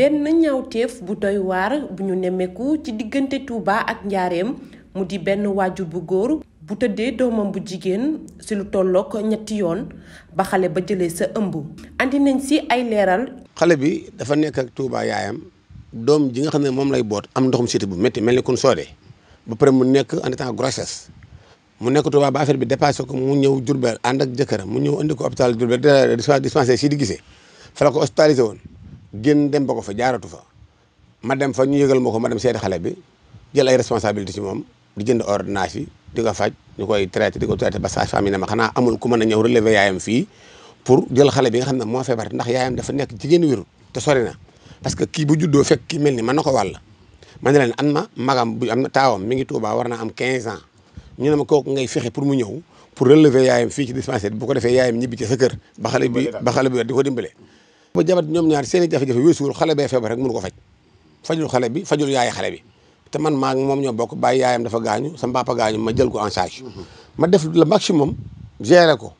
benn ñaawteef bu doy waar bu ñu nemmeeku ci diggante Touba ak Njaareem mu di benn waajur bu góor bu tëddee doomam bu jigéen ci lu tollook ñetti yoon ba xale ba jëlee sa ëmb andi nañ ci ay leeral. xale bi dafa nekk ak Touba yaayam doom ji nga xam ne moom lay boot am ndoxum siti bu metti mel ni kon soodee ba pare mu nekk en état grossesse mu nekk Touba ba affaire bi dépassé ko mu ñëw Diourbel ànd ak jëkkëram mu ñëw indi ko hôpital Diourbel di dispensé si di gisee ko hospitalisé woon. génn dem ba ko fa jaaratu fa ma dem fa ñu yëgal ma ko ma dem seeti xale bi jël ay responsabilité ci moom di jënd ordonnance yi di ko faj ñu koy traité di ko traité ba sage-femme yi ne ma xanaa amul ku mën a ñëw relever yaayam fii pour jël xale bi nga xam ne moo feebar ndax yaayam dafa nekk jigéen wéru te sori na parce que kii bu juddoo fekk kii mel ni mën na ko wàll ma ne leen an ma magam bu am na taawam mi ngi Tuubaa war naa am 15 ans ñu ne ma kooku fexe pour mu ñëw pour fii ci dispensaire bu ko defee yaayam ñibbi ci sa kër ba xale bi ba di ko dimbale ba jabar ñoom ñaar seen i jafe-jafe weesuwul xale bee ko faj fajul xale bi fajul yaay xale bi te man maa ngi moom ñoo bokk bàyyi yaayam dafa gaañu sama papa ma jël ko en charge ma def le maximum gérer ko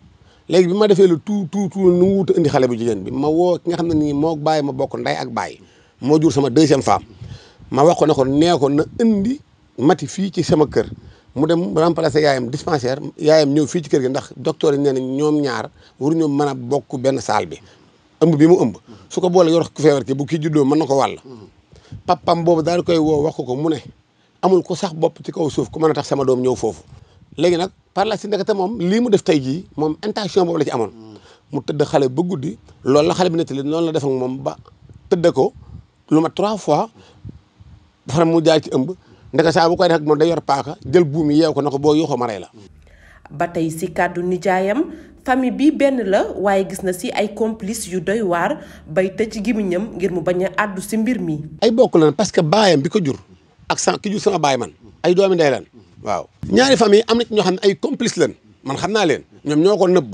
léegi ma defee lu tout tout tout nu wuta indi xale bu jigéen bi ma woo ki nga xam ne nii moo bàyyi ma bokk ndey ak bàyyi moo jur sama deuxième femme ma wax ko ne ko nee ko na indi mati fii ci sama kër mu dem remplacer yaayam dispensaire yaayam ñëw fii ci kër gi ndax docteur yi nee na ñoom ñaar waruñu mën a bokk benn saal bi ëmb bii mu ëmb su ko boole yor ku feebar ki bu kii juddoo mën na ko wàll papam boobu daal koy woo wax ko ko mu ne amul ko sax bopp ci kaw suuf ko mën a tax sama doom ñëw foofu léegi nag par la si ndekete moom lii mu def tey jii moom intention boobu la ci amoon mu tëdd xale ba guddi loolu la xale bi nettali noonu la def moom ba tëdd ko lu ma trois fois fara mu jaar ci ëmb ndeke saa bu koy def ak moom day yor paaka jël buum yi yeew ko na ko boo yuuxoo ma la ba tey si kàddu nijaayam famille bi benn la waaye gis na si ay complice yu doy waar bay tëj gémmiñam ngir mu bañ a àddu ci mbir mi. ay bokk lan parce que baayam bi ko jur ak sa ki jur sama baay man ay doomi ndey lan waaw. ñaari famille am na ci ñoo ne ay complice lan man xam naa leen ñoom ñoo ko nëbb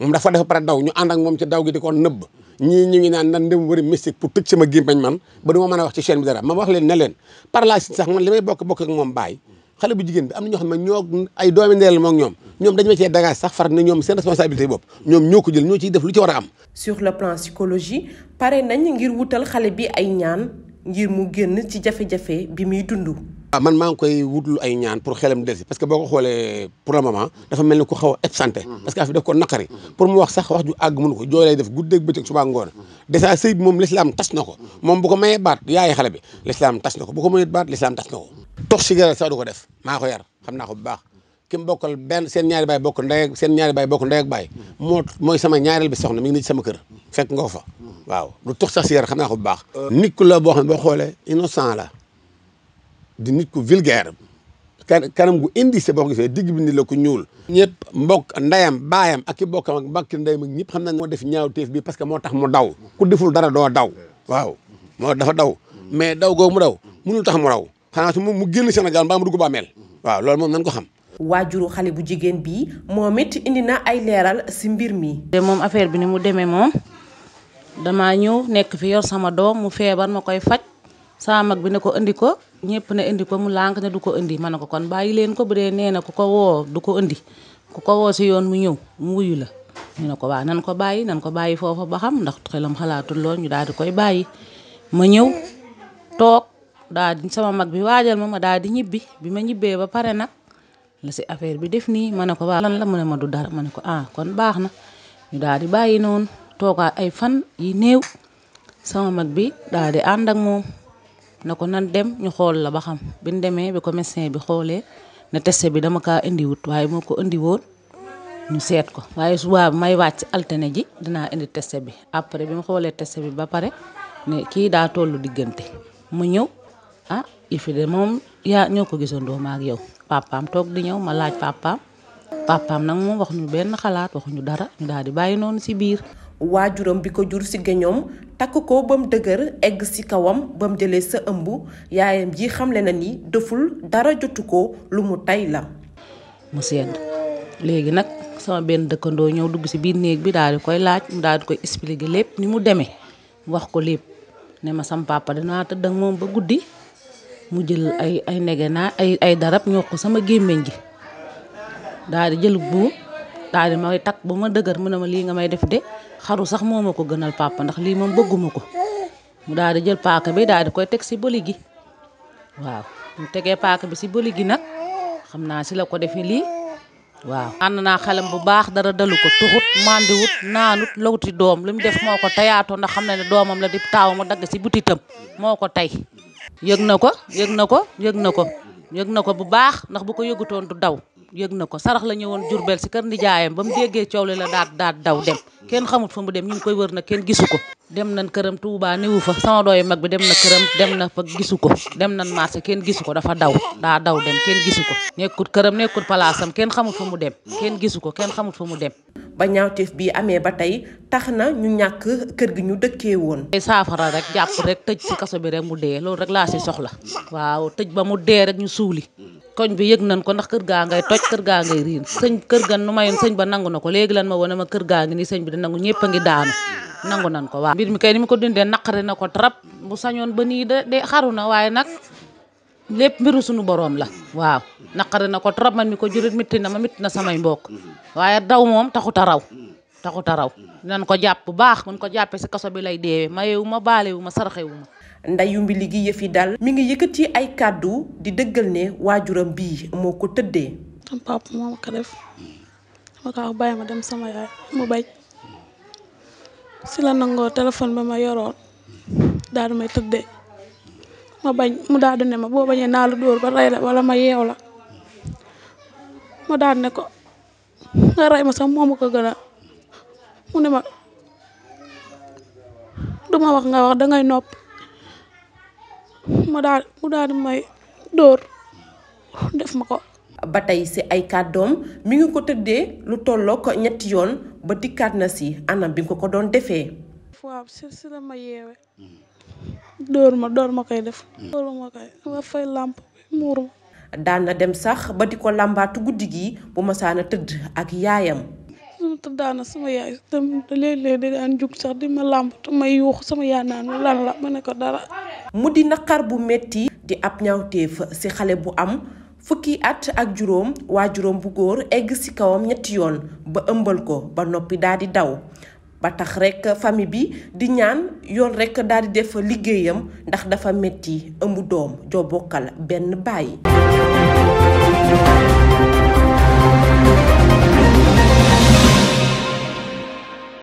moom dafa def pare daw ñu ànd ak moom ci daw gi di ko nëbb ñii ñu ngi naan nan dem wëri mystique pour tëj sama gémmiñ man ba du ma a wax ci chaîne dara ma wax leen ne leen par la suite sax man li bokk bokk moom baay xale bu jigéen bi am na ñoo xam ne ñoo ay doomi ndey ñoom ñoom dañu ma cee dagaas sax far na ñoom seen responsabilité bopp ñoom ñoo ko jël ñoo ciy def lu ci war a am. sur le plan psychologie pare nañ ngir wutal xale bi ay ñaan ngir mu génn ci jafe-jafe bi muy dund. waaw ah, man maa ngi koy wutlu ay ñaan pour xelam des parce que boo ko xoolee pour le moment dafa mel ni ku xaw a absenté mm-hmm. parce que affaire daf ko naqari pour mu wax sax wax ju àgg mënu ko jooy lay def guddeeg bëccëg suba ngoon mm-hmm. dèjà sëy bi moom l'islam tas na ko mm-hmm. moom bu ko mayee baat yaay xale bi l'islam tas na ko bu ko mayee baat l'islam tas na ko tox cigara sax du ko def maa ko yar xam naa ko bu baax ki mu bokkal benn seen ñaari bay bokk ndey seen ñaari baay bokk ndey ak baay moo mooy sama ñaareel bi soxna mi ngi nii ci sama kër fekk nga ko fa waaw lu tux sax si yar xam naa bu baax euh. nit ku la boo xam ne boo xoolee innocent la di nit ku vulgaire kanam gu indi sa boo ko gisee ni la ku ñuul ñëpp mbokk ndeyam baayam ak i bokkam a mbokki ndeyam ak ñëpp xam nañ moo def ñaaw téef bi parce que moo tax mu daw ku deful dara doo daw waaw moo dafa daw mais daw googu mu daw mënul tax mu daw xanaa su mu génn sana mbaa mu dugg bàmmeel waaw loolu moom nañ ko xam waajuru xale bu jigéen bi moom it indi na ay leeral si mbir mi. de moom affaire bi ni mu demee moom dama ñëw nekk fi yor sama doom mu feebar ma koy faj saa mag bi ne ko indi ko ñëpp ne indi ko mu lànk ne du ko indi ma ne ko kon bàyyi leen ko bu nee na ku ko woo du ko indi ku ko woo si yoon mu ñëw mu la. ñu ne ko waa nan ko bàyyi nan ko bàyyi foofa ba xam ndax xelam xalaatul lool ñu daal koy bàyyi ma ñëw toog daal sama mag bi waajal ma ma daal ñibbi bi ma ñibbee ba pare nag. la si affaire bi def nii ma ne ko waa lan la mu ne ma du dara ma ne ko ah kon baax na ñu daal di bàyyi noonu toogaat ay fan yi néew sama mag bi daal di ànd ak moom na ko nan dem ñu xool la ba xam bi ñu demee bi ko médecin bi xoolee ne test bi dama kaa indi waaye moo ko indi ñu seet ko waaye subaa bi may wàcc altine ji dinaa indi test bi après bi mu xoolee test bi ba pare ne kii daa tollu diggante mu ñëw ah yi fi de moom yaa ñoo ko gisandoo ma ak yow papaam toog di ñëw ma laaj papaam papaam nag moom wax ñu benn xalaat waxuñu dara ñu daal bàyyi noonu ci biir. waajuram bi ko jur si géñoom takk ko ba dëgër egg si kawam ba mu jëlee sa ëmb yaayam ji xamle na ni dëful dara jotu ko lu mu tey la. mu sedd léegi nag sama benn dëkkandoo ñëw dugg si biir néeg bi daal di koy laaj mu daal di koy expliquer lépp ni mu demee wax ko lépp ne ma sam papa danaa tëdd ak moom ba guddi. mu jël ay ay negenaa ay ay darab ñoo ko sama gémmiñ gi daal jël buum daal di may takk ba ma dëgër mu ne ma lii nga may def de xaru sax moom ma ko gënal papa ndax lii moom bëgguma ko mu daal di jël paaka bi daal di koy teg si bëli gi waaw mu tegee paaka bi si bëli gi nag xam naa si la ko defee lii waaw. ànd naa xelam bu baax dara dalu ko tuxut mandiwut naanut lawuti doom lu mu def moo ko tayaatoo ndax xam na ne doomam la di taaw mu dagg si butitam moo ko tey. yëg na ko yëg na ko yëg na ko yëg na ko bu baax ndax bu ko yëgutoon du daw yëg na ko sarax la ñëwoon Jurbel si kër nijaayam ba mu déggee coow li la daat daat daw dem kenn xamut fa mu dem na kenn gisu ko dem nañ këram fa sama dooyu mag dem na këram dem na fa gisu ko dem nañ marché kenn gisu ko dafa daw daa daw dem kenn gisu ko nekkut këram nekkut palaasam kenn xamut fa mu dem kenn gisu ko kenn xamut fa mu dem ba ñaawteef bi amee ba tey tax na ñu ñàkk kër gi ñu dëkkee woon saafara rek jàpp rek tëj si kaso bi rek mu dee loolu rek laa si soxla waaw tëj ba mu dee rek ñu suuli koñ bi yëg nañ ko ndax kër gaa ngay toj kër gaa ngay riin sëñ kër gan nu mayoon sëñ ba nangu na ko léegi lan ma wane ma kër gaa ngi nii sëñ bi da nangu ñëpp a ngi daanu nangu nan ko waaw mbir mi kay ni mu ko dundee naqari na ko trap bu sañoon ba nii de de xaru na waaye nag lépp mbiru sunu boroom la waaw naqari na ko trop man mi ko jurit mitti na ma mitti na samay mbokk waaye daw moom taxut a raw taxut a ko jàpp bu baax buñ ko jàppee si kaso bi lay deewee ma baalewu ma saraxewu ma ndeyu mbili gi yëf yi dal mu ngi yëkkati ay kàddu di dëggal ne waajuram bii moo ko tëddee. sama papa moo ma def ma ko wax ma dem sama yaay la nangoo téléphone ba ma may tëddee ma bañ mu daal di ne ma boo bañee naa la dóor ba rey la wala ma yeew la ma daal ne ko nga rey ma sax moomu ko gën mu ne ma duma wax nga wax dangay nopp. ma daal mu daal may dóor def ma ko. ba tey si ay kàddoom mu ngi ko tëddee lu tolloo ko ñetti yoon ba dikkaat na si anam bi nga ko doon defee. waaw si ma yeewe dóor def. dóor ma koy mm. daan na dem sax ba di ko làmbaatu guddi gi bu ma saana tëdd ak yaayam. su tëddaan sama yaay tam léeg-léeg daan jug sax di ma làmb te yuux sama yaay naan lan la ma ne ko dara. mu di naqar bu metti di ab ñaawteef ci xale bu am fukki at ak juróom waa juróom bu góor egg ci kawam ñetti yoon ba ëmbal ko ba noppi daal di daw ba tax rekk famille bi di ñaan yoon rekk daldi di def liggéeyam ndax dafa metti ëmb doom joo bokkal benn baay.